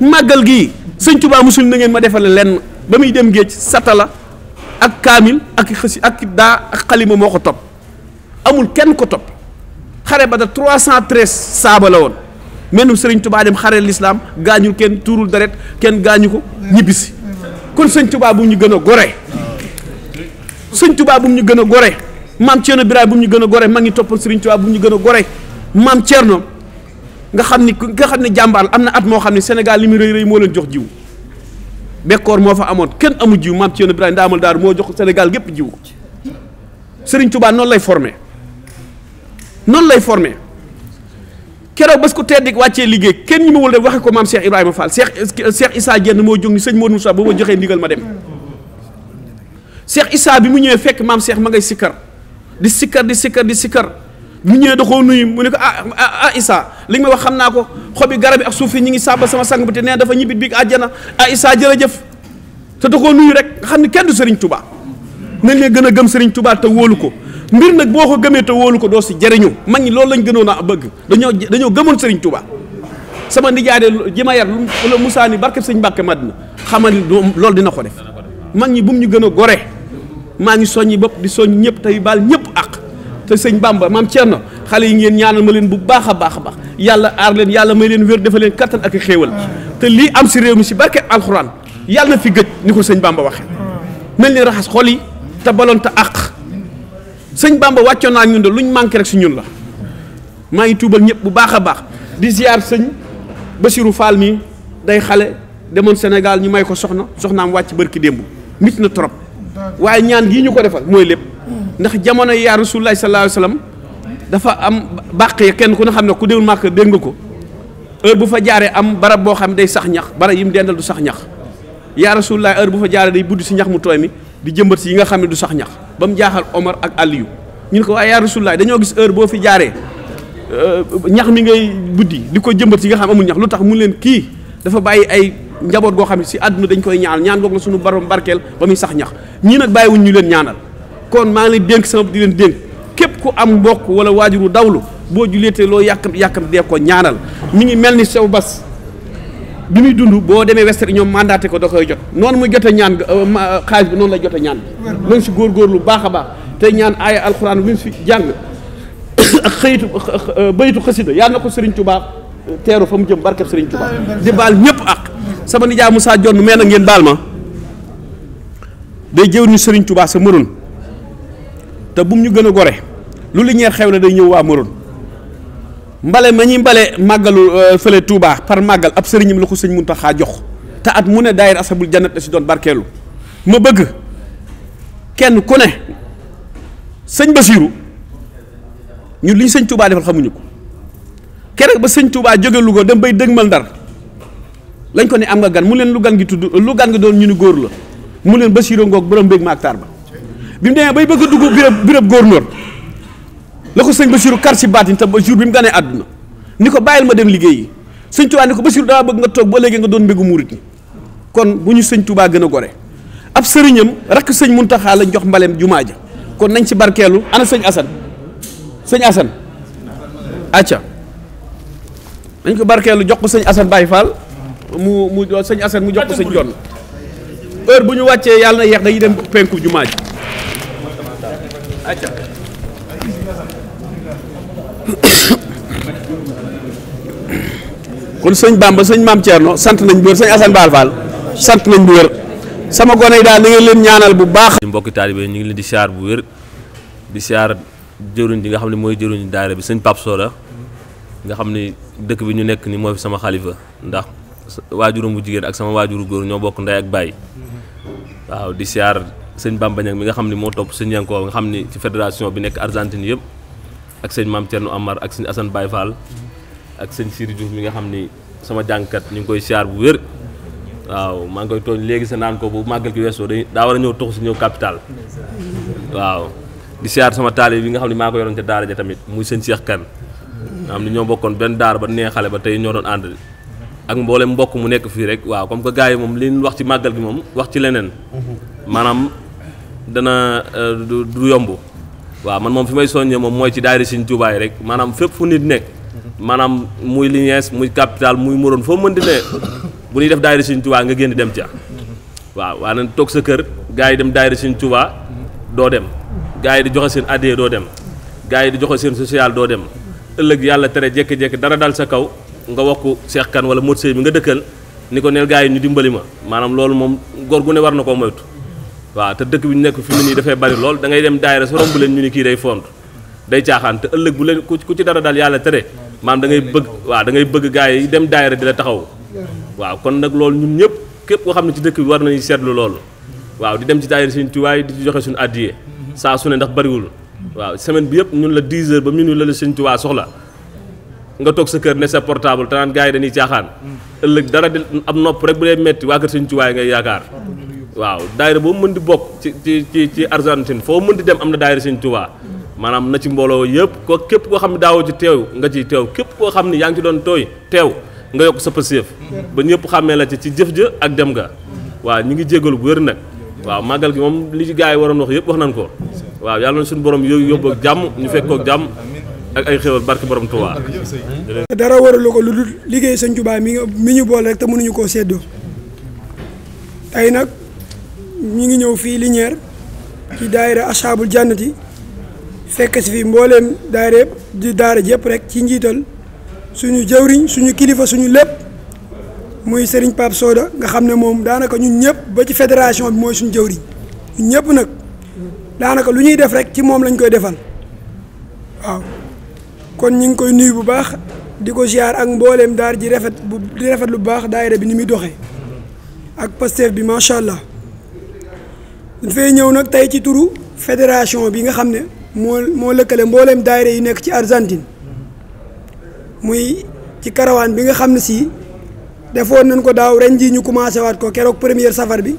màggal gii sëñ Tuubaa musul na ngeen ma defale lenn ba muy dem géej satala ak kaamil ak xësi ak daa ak xalima moo ko topp amul kenn ko topp xare ba cent 313 saaba la woon nu sëriñ Tuubaa dem xare lislaam gaañul kenn tuurul deret kenn gaañu ko ñibbisi kon sëñ Tuubaa bu mu ñu gën a gore sëñ Tuubaa bu mu ñu gën a gore maam Cerno Biraay bu mu ñu gën a gore ma ngi toppal sëriñ bu ñu gën a gore maam Cerno nga xam ni nga xam ne jàmbaar am na at moo xam ne Sénégal li mu rëy rëy moo leen jox jiw bekkoor moo fa amoon kenn amu jiw maam Thierno Ibrahima Ndaamal Daaru moo jox Sénégal gépp jiw Serigne Touba noonu lay formé noonu lay forme keroog bés ko tedd wàccee liggéey kenn ñu ma wul de waxe ko maam Cheikh Ibrahima Fall Cheikh Cheikh isaa Dieng moo jóg ni sëñ Modou Moussa ba ma joxee ndigal ma dem Cheikh Issa bi mu ñëwee fekk maam Cheikh ma ngay sikkar di sikkar di sikkar di mu ñëwee da koo nuyu mu ne ko ah ah, ah Issa li ma wax xam naa ko xobi garab yi ak suuf yi ñu ngi sàmba sama sang bi te nee dafa ñibbit bi àjjana ah Issa jërëjëf te da koo nuyu rek nga xam ne kenn du Serigne Touba nañ leen gën a gëm Serigne tubaa te wóolu ko mbir nag boo ko gëmee te ko doo si jëriñu mag ñi loolu lañ gënoon a bëgg dañoo dañoo gëmoon Serigne Touba sama nijaay de ji ma yar lu Moussa ni barkeb Sëñ Mbàkke Madina xamal ni loolu dina ko def mag ñi bu mu ñu gën a gore maa ngi soññi bopp di soññ ñëpp tey baal ñëpp ak te sëñ Bamba maam na xale yi ngeen ñaanal ma leen bu baax a baax a baax yàlla aar leen yàlla may leen wér dafa leen kattan ak xéewal te lii am si réew mi si barke alxuraan yàlla na fi gëj ni ko sëñ Bamba waxee nañ leen raxas xol yi te baloon te àq sëñ Bamba wàccoon naa ñun de luñ manqué rek si ñun la maa ngi tuubal ñëpp bu baax a baax di ziar sëñ Basiru Fall mi day xale demoon Sénégal ñi may ko soxna soxnaam wàcc barki démb mit na trop waaye ñaan gii ñu ko defal mooy lépp. ndax jamono yaa rasulullahi sallallahu alayhi dafa am bàq ya kenn ku ne xam ne ku déwul màkk dégg nga ko heure bu fa jaaree am bara boo xam day sax ñax barab yi mu dendal du sax ñax yaa rasulullahi heure bu fa jaaree day buddi si ñax mu tooy mi di jëmbat si nga xam ne du sax ñax ba mu jaaxal Omar ak Aliyu ñu ne ko waaye yaa rasulullahi dañoo gis heure boo fi jaaree euh, ñax mi ngay buddi di ko jëmbat si nga xam amul ñax lu tax mu leen kii dafa bàyyi ay njaboot goo xam ne si àdduna dañ koy ñaanal ñaan goog la suñu borom barkeel ba muy sax ñax ñii nag bàyyiwuñ ñu leen ñaanal kon maa ngi lay dénk sama di leen dénk képp ku am mbokk wala waajuru dawlu boo julleetee loo yàkkam yàkkam dee ko ñaanal mi ngi mel ni sew bas bi muy dund boo demee wester ñoom mandaté ko da koy jot noonu muy jote ñaan euh, euh, xaalis bi noonu lay jote ñaan bi ngi si góorgóorlu lu baax a baax tey ñaan aaya alxuraan wi mu jàng ak xëyitu euh, bayitu xasida yàlla na ko Serigne Touba teeru fa mu jëm barkeb Serigne Touba di baal ñëpp ak sama nijaay Moussa Jonn mee na ngeen baal ma day jëw ñu sëriñ Touba sa mëroon te bu mu ñu gën a gore lu Linguère xew la day ñëw waa Morone mbale ma ñuy mbale màggalu euh, fële Touba par màggal ab sëriñam la ko sëñ taxaa jox te at mu ne daayir asabul jannat la si doon barkeelu ma bëgg kenn ku ne sëñ Basiiru ñun li ñu sëñ Touba defal xamuñu ko keroog ba sëñ Touba jóge Louga dem bay dëgmal Ndar lañ ko ne am nga gan mu leen lu gan gi tudd lu gan gi doon ñu ni góor la mu leen Basiiru ngoog borom mbég ma ak ba bi mu demee bay bëgg a dugg béréb béréb góornóor la ko sëñ Basiru kar si ci baatin te ba jur bi mu ganee àdduna ni ko bàyyil ma dem liggéeyi sëñ Tuubaa ni ko Basiru damaa bëgg nga toog ba léegi nga doon mbégu muurit ni kon bu ñu sëñ Tuubaa gën a gore ab sëriñam rakk sëñ Muntaxaa lañ jox mbaleem jumaa ja kon nañ si barkeelu ana sëñ Asan sëñ Asan acca dañ ko barkeelu jox ko sëñ Assane Baye Fall mu mu sëñ Assane mu jox ko sëñ Jonn heure bu ñu wàccee yàlla na yeex dañuy dem penku jumaa ji acca kon sëñ Bamba sëñ Maam Thierno sant nañ bu sant nañ bu wér sama gone yi daal na ngeen leen ñaanal bu baax. mbokki taalibe ñu ngi leen di siyaar bu wér di siyaar jëruñ ji nga xam ne mooy jëruñ daara bi sëñ Pape Sora nga xam ne dëkk bi ñu nekk ni moo fi sama xalifa ndax waajuram bu jigéen ak sama waajuru góor ñoo bokk ndey ak baay waaw di siyaar. sëñ Bamba Niang mi nga xam ne moo topp sëñ Yankoba nga xam ne ci fédération bi nekk Argentine yëpp ak sëñ Mame Thierno Amar ak sëñ Assane Baye ak sëñ Siri mi nga xam ni sama jàngkat ñu ngi koy siyaar bu wér waaw maa ngi koy tooñ léegi sa naan ko bu màggal ki weesoo dañuy daa a ñëw toxu si ñëw capital waaw di siyaar sama taali bi nga xam ne maa ko yoroon ca daara ja tamit muy seen seex Kane nga xam ne ñoo bokkoon benn daara ba nee xale ba tey ñoo doon ànd ak mboolem mbokk mu nekk fii rek waaw comme yi moom li wax ci màggal gi moom wax ci leneen dana euh, du yomb waaw man moom fi may soññee moom mooy ci daayira Sëriñ Tuubaa yi rek maanaam fépp fu nit ne maanaam muy Lignes muy capital muy Morone foo mën di ne bu ñuy def daayira Sëriñ Tuubaa nga génn dem ca waaw waaye nag toog sa kër gars yi dem daayira Sëriñ Tuubaa doo dem gars yi di joxe seen addee doo dem gars yi di joxe seen social doo dem ëllëg yàlla tere jékki-jékki dara dal sa kaw nga wokk Seex Kan wala Modou Seye bi nga dëkkal ni ko neel gars yi ñu dimbali ma maanaam loolu moom góor gu ne war na koo moytu waaw te dëkk bi ñu nekk fi mu nii dafay bari lool da dem daayira sa romb leen ñu ni kii day font day caaxaan te ëllëg bu leen ku ci dara daal yàlla tere maam da bëgg waaw da ngay bëgg gars yi dem daayira di la taxaw waaw kon nag loolu ñun ñëpp képp koo xam ne ci dëkk bi war nañu seetlu loolu waaw di dem ci daayira suñu tuwaay di joxe suñu addiye saa su ne ndax bariwul waaw semaine bi yëpp ñun la 10 heures ba minuit la la suñu tuwaay soxla nga toog sa kër ne sa portable te naan yi dañuy caaxaan ëllëg dara di am nopp rek bu dee metti waa kër suñu tuwaay ngay yaakaar waaw daayira boo mën di bokk ci ci ci ci Argentine foo mën di dem am na daayira Sëñ Tuubaa maanaam na ci mbooloo yëpp ko képp koo xam ne daawoo ci teew nga ciy teew képp koo xam ne yaa ngi ci doon tooy teew nga yokk sa pëseef ba ñëpp xàmmee la ci ci jëf ak dem ga waaw ñu ngi jégalu bu nag waaw màggal gi moom li ci gars yi waroon wax yëpp wax nañ ko waaw yàlla suñu borom yóbbu yóbbu ak jàmm ñu fekk jàmm ak ay xéwal barki borom Tuubaa dara waralu ko lu dul liggéey Sëñ Tuubaa mi mi ñu boole rek te mënuñu koo séddoo tey nag ñu ngi ñëw fii Linière ci daayira Ashabul Jannati fekk si fi mbooleem daayira di daara jëpp rek ci njiital suñu jëwriñ suñu kilifa suñu lépp muy Serigne Pape Soda nga xam ne moom daanaka ñu ñëpp ba ci fédération bi mooy suñu jëwriñ ñun ñëpp nag daanaka lu ñuy def rek ci moom lañ koy defal waaw kon ñu ngi koy nuyu bu baax di ko ziar ak mbooleem daar ji rafet bu di rafet lu baax daayira bi ni muy doxee ak Pastef bi macha allah. dañ fay ñëw nag tey ci turu fédération bi nga xam ne moo moo lëkkale mbooleem daayira yi nekk ci Argentine muy ci karawaan bi nga xam ne si defoon nañ ko daaw ren jii ñu commencé waat ko keroog première safar bi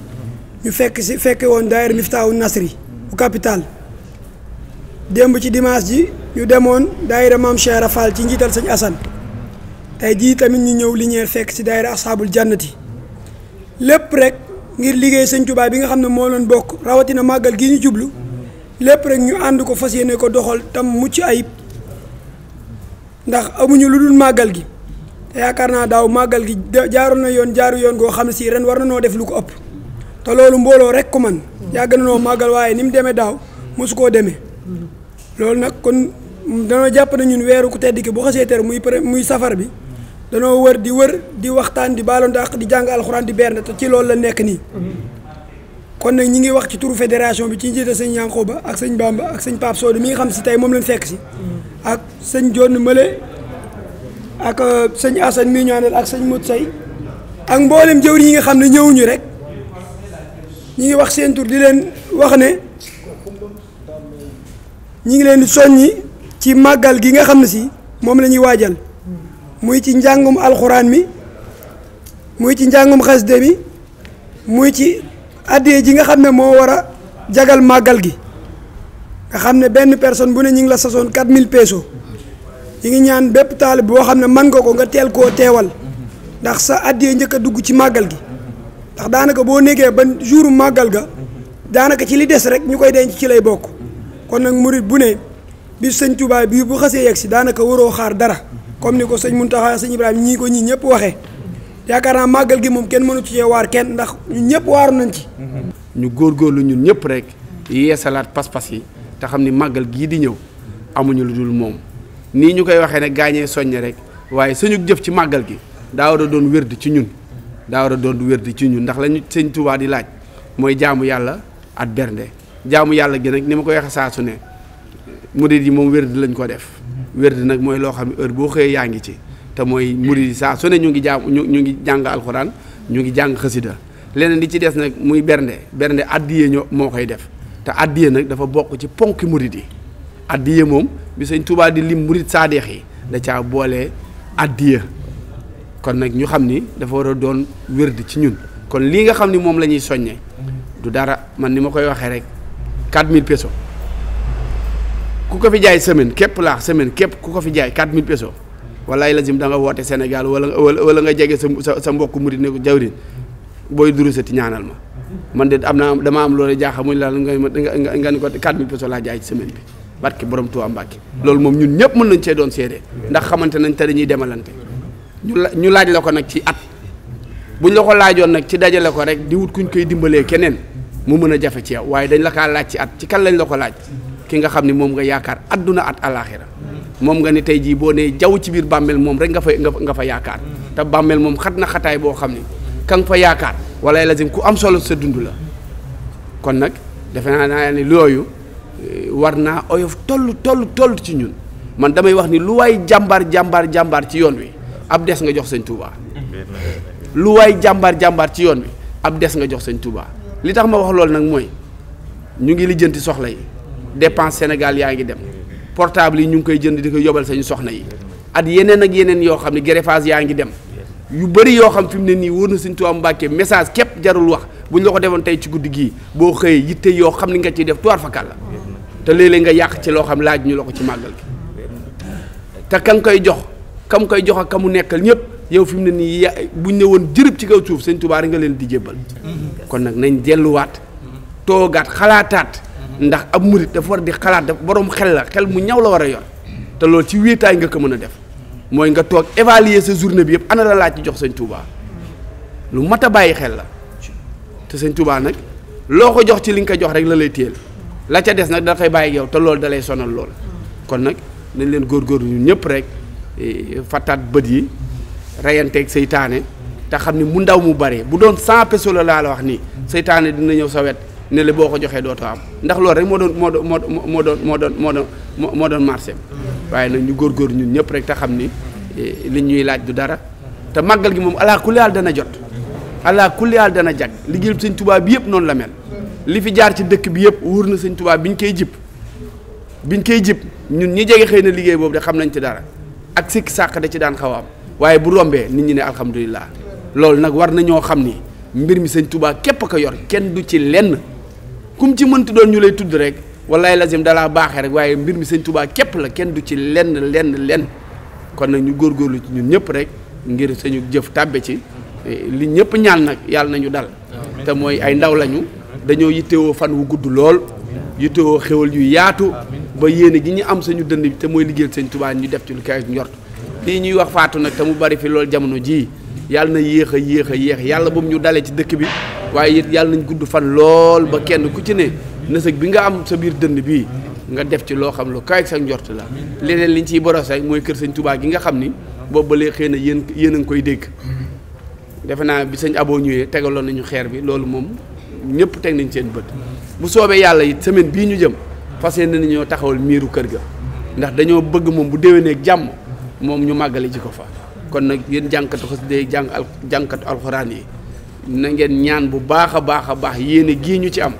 ñu fekk si fekke woon daayira Miftaahu Nasri bu capital démb ci dimanche ji ñu demoon daayira Maam Cheikh ci njiital sëñ Assane tey jii tamit ñu ñëw Liniers fekk si daayira Ashabul Jannati lépp rek. ngir liggéey sañ Tuubaa bi nga xam ne moo leen bokk rawatina màggal gi ñu jublu lépp rek ñu ànd ko fas yéene ko doxal tam mucc ayib ndax amuñu lu dul màggal gi te yaakaar naa daaw màggal gi jaaroon na yoon jaaru yoon goo xam ne si ren war na noo def lu ko ëpp te loolu mbooloo rek ko man yàgg na noo màggal waaye ni mu demee daaw mosu koo demee loolu nag kon danoo jàpp na ñun weeru ku tedd ki bu xasee ter muy muy safar bi danoo wër di wër di waxtaan di baaloon dàq di jàng alxuraan di berne te ci loolu la nekk nii. kon nag ñi ngi wax ci turu fédération bi ci njiite sëñ Yankoba ak sëñ Bamba ak sëñ Pape Sodo mi nga xam si tey moom lañ si. ak sëñ John Mële ak euh, sëñ Assane mi ak sëñ Modou Sey ak mboolem jëwri yi nga xam ne ñëwuñu rek ñi ngi wax seen di leen wax ne ñi ngi leen di soññi ci màggal gi nga xam ne si moom la ñuy waajal. muy ci njàngum alxuraan mi muy ci njàngum xasde mi muy ci addee ji nga xam ne moo war a jagal màggal gi nga xam ne benn personne bu ne ñu ngi la sasoon 4000 pesos ñi ngi ñaan bépp taalib boo xam ne mën nga ko nga teel koo teewal ndax sa addee njëkk a dugg ci màggal gi ndax daanaka boo nekkee ba jouru màggal ga daanaka ci li des rek ñu koy denc ci lay bokk kon nag murit bu ne bi sëñ Tuubaa bii bu xasee yegg si daanaka waroo xaar dara comme ni ko sëñ Mountakha sëñ Ibrahima ñii ko ñii ñëpp waxee yaakaar naa màggal gi moom kenn mënu ci waar kenn ndax ñun ñëpp waaru nañ ci. ñu lu ñun ñëpp rek yeesalaat pas-pas yi te xam ni màggal gii di ñëw amuñu lu dul moom nii ñu koy waxee ne gaañee soññe rek waaye suñu jëf ci màggal gi daa a doon wérd ci ñun daa a doon wérd ci ñun ndax lañu sëñ Tuubaa di laaj mooy jaamu yàlla at bernde jaamu yàlla gi nag ni ma koy waxee saa su ne. murid yi moom wérd lañ ko def wérd nag mooy loo xam ne heure boo xëyee yaa ngi ci te mooy murid yi saa su ne ñu ngi jàng ñu ngi jàng alxuraan ñu ngi jàng xasida leneen li ci des nag muy bernde bernde addiye ñoo moo koy def te addiye nag dafa bokk ci ponki murid yi addiye moom bi sëñ Tuubaa di lim murid saadeex yi da caa boole addiye kon nag ñu xam ni dafa war a doon wérd ci ñun kon lii nga xam ni moom la ñuy soññe du dara man ni ma koy waxee rek mille peso ku ko fi jaay semaine képp laax semaine képp ku ko fi jaay 4000 pesos wallaay lazim da nga woote Sénégal wala wala nga jege sa sa mbokk murit ne ko jawrin booy durusati ñaanal ma man de am naa dama am loolu jaaxal muy laal nga nga nga ni ko 4000 pesos laa jaay ci semaine bi barke borom Tuubaa Mbàkke loolu moom ñun ñëpp mën nañ cee doon seede ndax xamante nañ te dañuy demalante ñu ñu laaj la ko nag ci at buñ la ko laajoon nag ci dajale ko rek di wut kuñ koy dimbalee keneen mu mën a jafe ci yow waaye dañ la kaa laaj ci at ci kan lañ la ko laaj ki nga xam ne moom nga yaakaar adduna at alaxira moom nga ni tey jii boo nee jaww ci biir bàmmeel moom rek nga fa nga fa yaakaar te bàmmeel moom xat na xataay boo xam ne ka fa yaakaar wala lazim ku am solo sa dund la kon nag defe naa naa ne looyu eh, war naa oyof toll tollu toll ci ñun man damay wax ni lu waay jàmbaar jàmbaar jàmbaar ci yoon wi ab des nga jox sëñ Touba lu waay jàmbaar jàmbaar ci yoon wi ab des nga jox sëñ Touba li tax ma wax loolu nag mooy ñu ngi lijjanti soxla dépense Sénégal yaa ngi dem portable yi ñu ngi koy jënd di ko yobal sañu soxna yi at yeneen ak yeneen yoo xam ne greffage yaa ngi dem yu bëri yoo xam fi mu ne nii wóor na Sëñ Tuubaa Mbàkke message képp jarul wax bu ñu la ko defoon tey ci guddi gii boo xëyee yitte yoo xam ni nga ciy def tuwaar fakal la te léeg nga yàq ci loo xam laaj ñu la ko ci màggal gi te ka nga koy jox kam koy jox ak ka mu nekkal ñëpp yow fi mu ne nii ya buñ ne woon jërëb ci kaw suuf Sëñ nga leen di jébbal kon nag nañ delluwaat toogaat xalaataat ndax ab murit dafa war di xalaat daf borom xel la xel mu ñaw la war a yor te loolu ci wéetaay nga ko mën a def mooy nga toog évaluer sa journée bi yëpp ana la laaj ci jox sëñ Touba lu mat a bàyyi xel la te sëñ Touba nag loo ko jox ci li nga ko jox rek la lay téyel la ca des nag dafay bàyyi yow te loolu dalay lay sonal lool kon nag nañ leen góor ñun ñëpp rek eh, fattaat bët yi reyanteeg seytaane te xam ne mu ndaw mu bare bu doon cent peso laa la wax nii seytaane dina ñëw sa ne la boo ko joxee dootoo am ndax loolu rek moo doon moo doon moo doon moo doon moo doon moo doon marché waaye nag ñu góorgóor ñun ñëpp rek te xam ni eh, li ñuy laaj du dara te màggal gi moom alaa kulli dana jot alaa kulli dana jag liggéeyub sëñ tubaab bi yëpp noonu la mel li fi jaar ci dëkk bi yëpp wóor na sëñ Tuubaa biñ koy jib biñ koy jib ñun ñi jege xëy na liggéey boobu de xam nañ ci dara ak sikk sàq da ci daan xaw a am waaye bu rombee nit ñi ne alhamdulilah loolu nag war na ñoo xam ni mbir mi sëñ Tuubaa képp ko yor kenn du ci lenn kum ci mënti doon ñu lay tudd rek wallaay lazim dalaa baaxee rek waaye mbir mi sëñ Tuubaa képp la kenn du ci lenn lenn lenn kon nag ñu góorgóorlu ci ñun ñëpp rek ngir suñu jëf tàbbe ci eh, li ñëpp ñaan nag yàlla nañu dal te mooy ay ndaw lañu dañoo yittewoo fan wu gudd lool yittewoo xewal yu yaatu ba yéene gi ñu am suñu dënd bi te mooy liggéeyal sëñ Tuubaa ñu def ci lu kaay njort lii ñuy wax faatu nag te mu bari fi loolu jamono jii yàlla na yéex a yéex a yéex yàlla bu ñu dalee ci dëkk bi waaye it yàlla nañ gudd fan lool ba kenn ku ci ne nësëg bi nga am sa biir dënd bii nga def ci loo xam lu kaay sañ njort la leneen liñ ciy boros rek mooy kër sañ tubaab gi nga xam ni boobu ba léegi xëy na yéen yéen a ngi koy dégg defe naa bi sëñ aboo ñëwee tegaloon nañu xeer bi loolu moom ñëpp teg nañ seen bët bu soobee yàlla it semaine bii ñu jëm fas yéene nañoo taxawal miiru kër ga ndax dañoo bëgg moom bu déwénee ak jàmm moom ñu màggale ji ko fa kon nag yéen jànkatu xas day jàng al jànkatu yi na ngeen ñaan bu baax a baax a baax yéene gii ñu ci am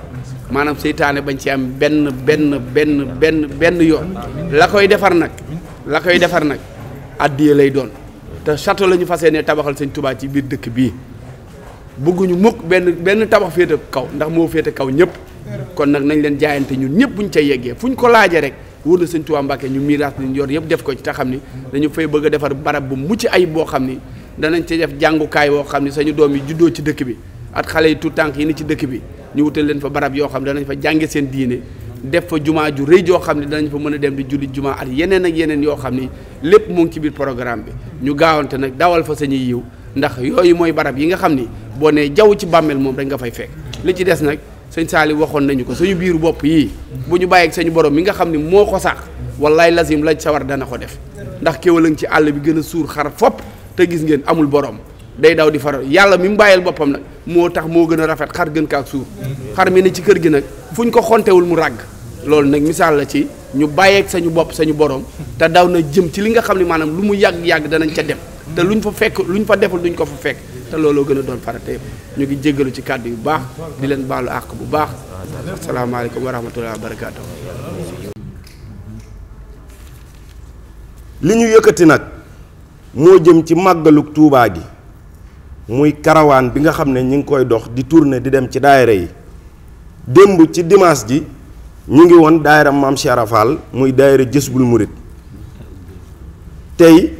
maanaam seytaane bañ ci am benn benn benn benn benn yoon la koy defar nag la koy defar nag addiye lay doon te château la ñu fas yéene tabaxal seen Touba ci biir dëkk bii bëgguñu mukk benn benn tabax féete kaw ndax moo féete kaw ñëpp kon nag nañ leen jaayante ñun ñëpp buñ ca yeggee fu ñu ko laajee rek wóor na sëñ Touba Mbàkke ñu miiraas ni yor yëpp def ko ci te xam ni dañu fay bëgg a defar barab bu mucc ayib boo xam ni danañ ci def jàngukaay woo xam ne sañu doom yi juddoo ci dëkk bi at xale yi tu tànk yi ni ci dëkk bi ñu wutal leen fa barab yoo xam ne danañ fa jànge seen diine def fa jumaa ju rëy joo xam ne danañ fa mën a dem di julli jumaa at yeneen ak yeneen yoo xam ni lépp mu ngi ci biir programme bi ñu gaawante nag dawal fa sañuy yiw ndax yooyu mooy barab yi nga xam ni boo nee jaww ci bàmmeel moom rek nga fay fekk li ci des nag sëñ Saali waxoon nañu ko suñu biir bopp yii bu ñu bàyyeeg sañu borom mi nga xam ne moo ko sàq wallaay lazim lañ sawar dana ko def ndax kéwal ci àll bi gën a suur xar fopp te gis ngeen amul borom day daw di faral yàlla mi mu bàyyil boppam nag moo tax moo gën a rafet xar gën kaak suur xar mi ne ci kër gi nag fu ñu ko xontewul mu ràgg loolu nag misaal la ci ñu bàyyeeg sañu bopp sañu borom te daw na jëm ci li nga xam ne maanaam lu mu yàgg-yàgg danañ ca dem te luñ fa fekk lu luñ fa deful duñ ko fa fekk te looloo gën a doon farate ñu ngi jéggalu ci kàddu yu baax di leen baalu àq bu baax asalaamaaleykum wa rahmatullahi wa barakaatu li ñu yëkkati nag moo jëm ci màggaluk Tuubaa gi muy karawaan bi nga xam ne ñi ngi koy dox di turne di dem ci daayira yi démb ci dimaas ji ñu ngi woon daayira Maam Cheikh Fall muy daayira Jësbul Murit tey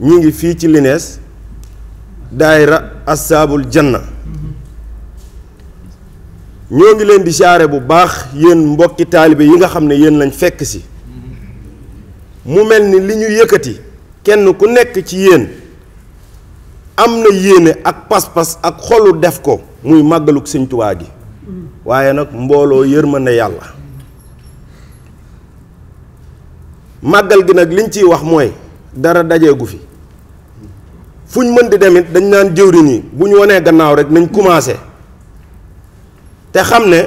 ñu ngi fii ci Linees daayira Assaabul Janna ñoo ngi leen di siyaare bu baax yéen mbokki taalibe yi nga xam ne yéen lañ fekk si mu mel ni li ñu yëkkati kenn ku nekk ci yéen am na yéene ak pas-pas ak xolu def ko muy màggaluk sëñ gi waaye nag mbooloo yërmande yàlla màggal gi nag liñ ciy wax mooy dara dajeegu fi fuñ mën di demit dañ naan jëwriñ yi bu ñu wanee gannaaw rek nañ commencé te xam ne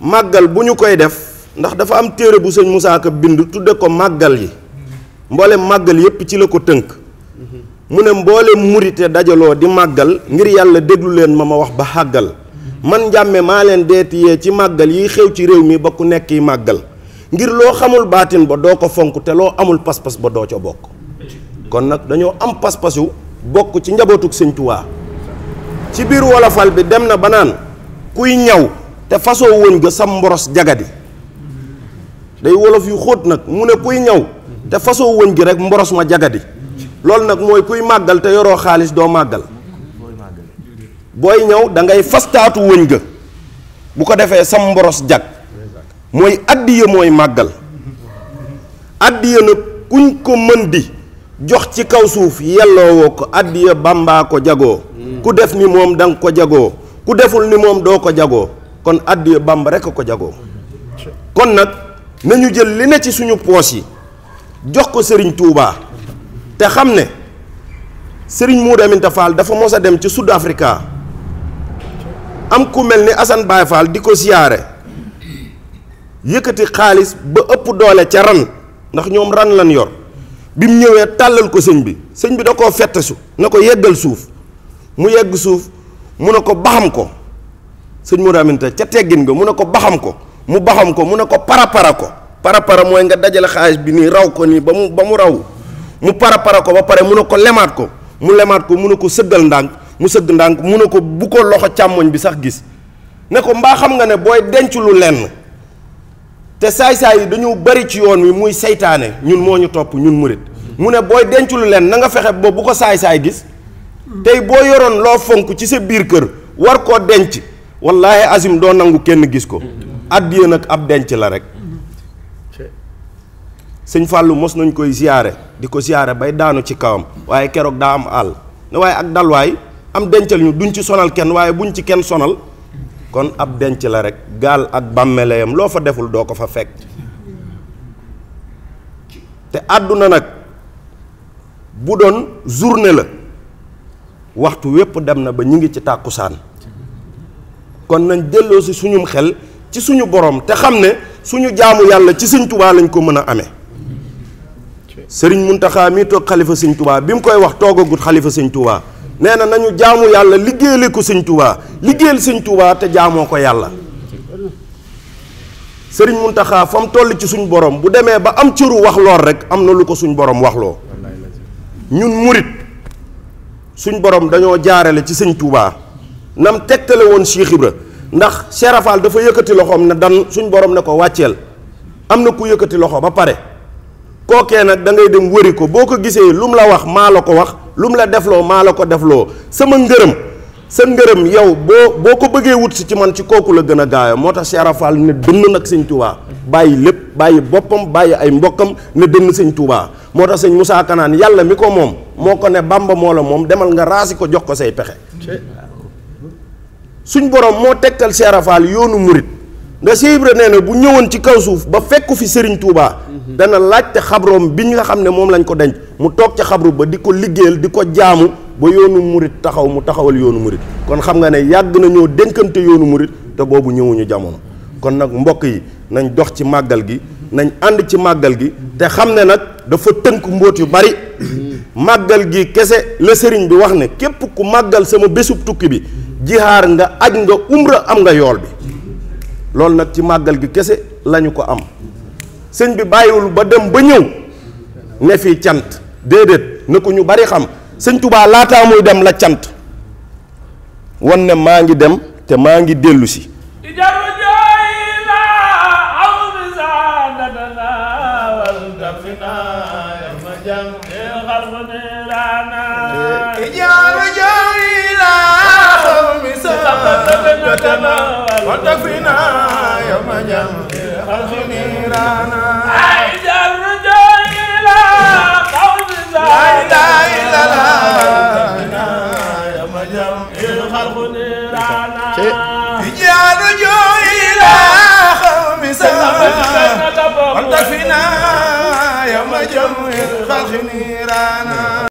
màggal bu ñu koy def ndax dafa am téere bu sëñ Musaa Ka bind tudde ko màggal yi mboole màggal yépp ci la ko tënk mu ne mboolem murite dajaloo di màggal ngir yàlla déglu leen ma ma wax ba xàggal man njàmme maa leen deetiyee ci màggal yi xew ci réew mi ba ku nekk màggal ngir loo xamul baatin ba doo ko fonk te loo amul pas-pas ba doo ca bokk kon nag dañoo am pas-pasu bokk ci njabootug Sëñ ci biir wolofal bi dem na ba naan kuy ñaw te fasoo wëñ ga sam mboros jagadi day wolof yu xóot nag mu ne kuy ñaw te façon wëñ gi rek mboros ma jagadi loolu nag mooy kuy màggal te yoroo xaalis doo màggal booy ñëw da ngay fastaatu wëñ ga bu ko defee sam mboros jag mooy addiya mooy màggal addiya nag kuñ ko mën di jox ci kaw suuf yelloowoo ko addiya bàmbaa ko jagoo ku def ni moom da ko jagoo ku deful ni moom doo ko jagoo kon addiya bàmba rekk ko jagoo kon nag nañu jël li ne ci suñu poos yi jox ko sëriñ Touba te xam ne sëriñ Modou Aminta Fall dafa mos a dem ci Sud Africa am ku mel ni Assane Baye Fall di ko siyaare yëkkati xaalis ba ëpp doole ca ran ndax ñoom ran lan yor bi mu ñëwee tàllal ko sëñ bi sëñ bi da koo fettesu na ko yeggal suuf mu yegg suuf mu ne ko baxam ko sëñ Modou Aminta ca teggin nga mu ne ko baxam ko mu baxam ko mu ne ko parapara ko para para mooy nga dajale xaalis bi nii raw ko nii ba mu ba mu raw mu para ko ba pare mu a ko lemaat ko mu lemaat ko mu ne ko sëggal ndànk mu sëgg ndànk mu ne ko bu ko loxo càmmoñ bi sax gis ne ko mbaa xam nga ne booy denc lu lenn te saay-saay yi dañu bari ci yoon wi muy seytaane ñun moo ñu topp ñun mu murit mu ne booy denc lu lenn na nga fexe ba bu ko saay-saay gis tey boo yoroon loo fonk ci sa biir kër war koo denc wallaahi azim doo nangu kenn gis ko àddiya mm-hmm. nag ab denc la rek sëñ fàllu mos nañ koy ziyaare di ko ziyaare bay daanu ci kawam waaye keroog daa am àll ne waaye ak dalwaay am dencal ñu duñ ci sonal kenn waaye buñ ci kenn sonal kon ab denc la rek gaal ak bàmmeeleyam loo fa deful doo ko fa fekk te àdduna nag bu doon journée la waxtu wépp dem na ba ñu ngi ci tàkkusaan kon nañ delloo si suñum xel ci suñu borom te xam ne suñu jaamu yàlla ci sëñ tubaa lañ ko mën a amee sëriñ Muntaxa mii toog xalifa sëñ Touba bi mu koy wax toogagut xalifa sëñ Touba nee na nañu jaamu yàlla liggéeyale ko sëñ Touba liggéeyal sëñ Touba te jaamoo ko yàlla sëriñ Muntaxa fa mu toll ci suñ borom bu demee ba am cëru wax lool rek am na lu ko suñ borom waxloo ñun murit suñ borom dañoo jaarale ci sëñ tuubaa nam tegtale woon Cheikh Ibra ndax Cheikh dafa yëkkati loxoom ne dan suñ borom ne ko wàcceel am na ku yëkkati loxo ba pare kookee nag da ngay dem wëri ko boo ko gisee lu mu la wax maa la ko wax lu mu la defloo maa la ko defloo sama ngërëm sa ngërëm yow boo boo ko bëggee wut si ci man ci kooku la gën a gaaw moo tax Cheikh Rafal ne dënn nag sëñ Touba bàyyi lépp bàyyi boppam bàyyi ay mbokkam ne dënn sëñ Touba moo tax sëñ Moussa Kanaan yàlla mi ko moom moo ko ne Bamba moo la moom demal nga raasi ko jox ko say pexe suñ borom moo tekkal Cheikh Rafal yoonu murit ndax Cheikh Ibra nee na bu ñëwoon ci kaw suuf ba fekku fi Serigne Touba. Mhm. dana laajte xabroom bi ñu nga xam ne moom lañ ko denc mu toog ca xabru ba di ko liggéeyal di ko jaamu ba yoonu murit taxaw mu taxawal yoonu murit kon xam nga ne yàgg nañoo dénkante yoonu murit te boobu ñëwuñu jamono kon nag mbokk yi nañ dox ci màggal gi nañ ànd ci màggal gi te xam ne nag dafa tënk mbóot yu bari mhm. màggal gi kese la sëriñ bi wax ne képp ku màggal sama bésub tukki bi jihaar nga aj nga am nga yool bi loolu nag ci màggal gi kese lañu ko am sëñ bi bàyyiwul ba dem ba ñëw ne fii cant déedéet na ko ñu bari xam sëñ tubaa laataa muy dem la cant won ne maa ngi dem te maa ngi dellu si وتكفينا يوم جمع الخلق نيرانا عيد الرجاء إلى قوم لا إله إلا الله يوم جمع الخلق نيرانا يا رجوع إلى قوم وتكفينا يوم جمع الخلق نيرانا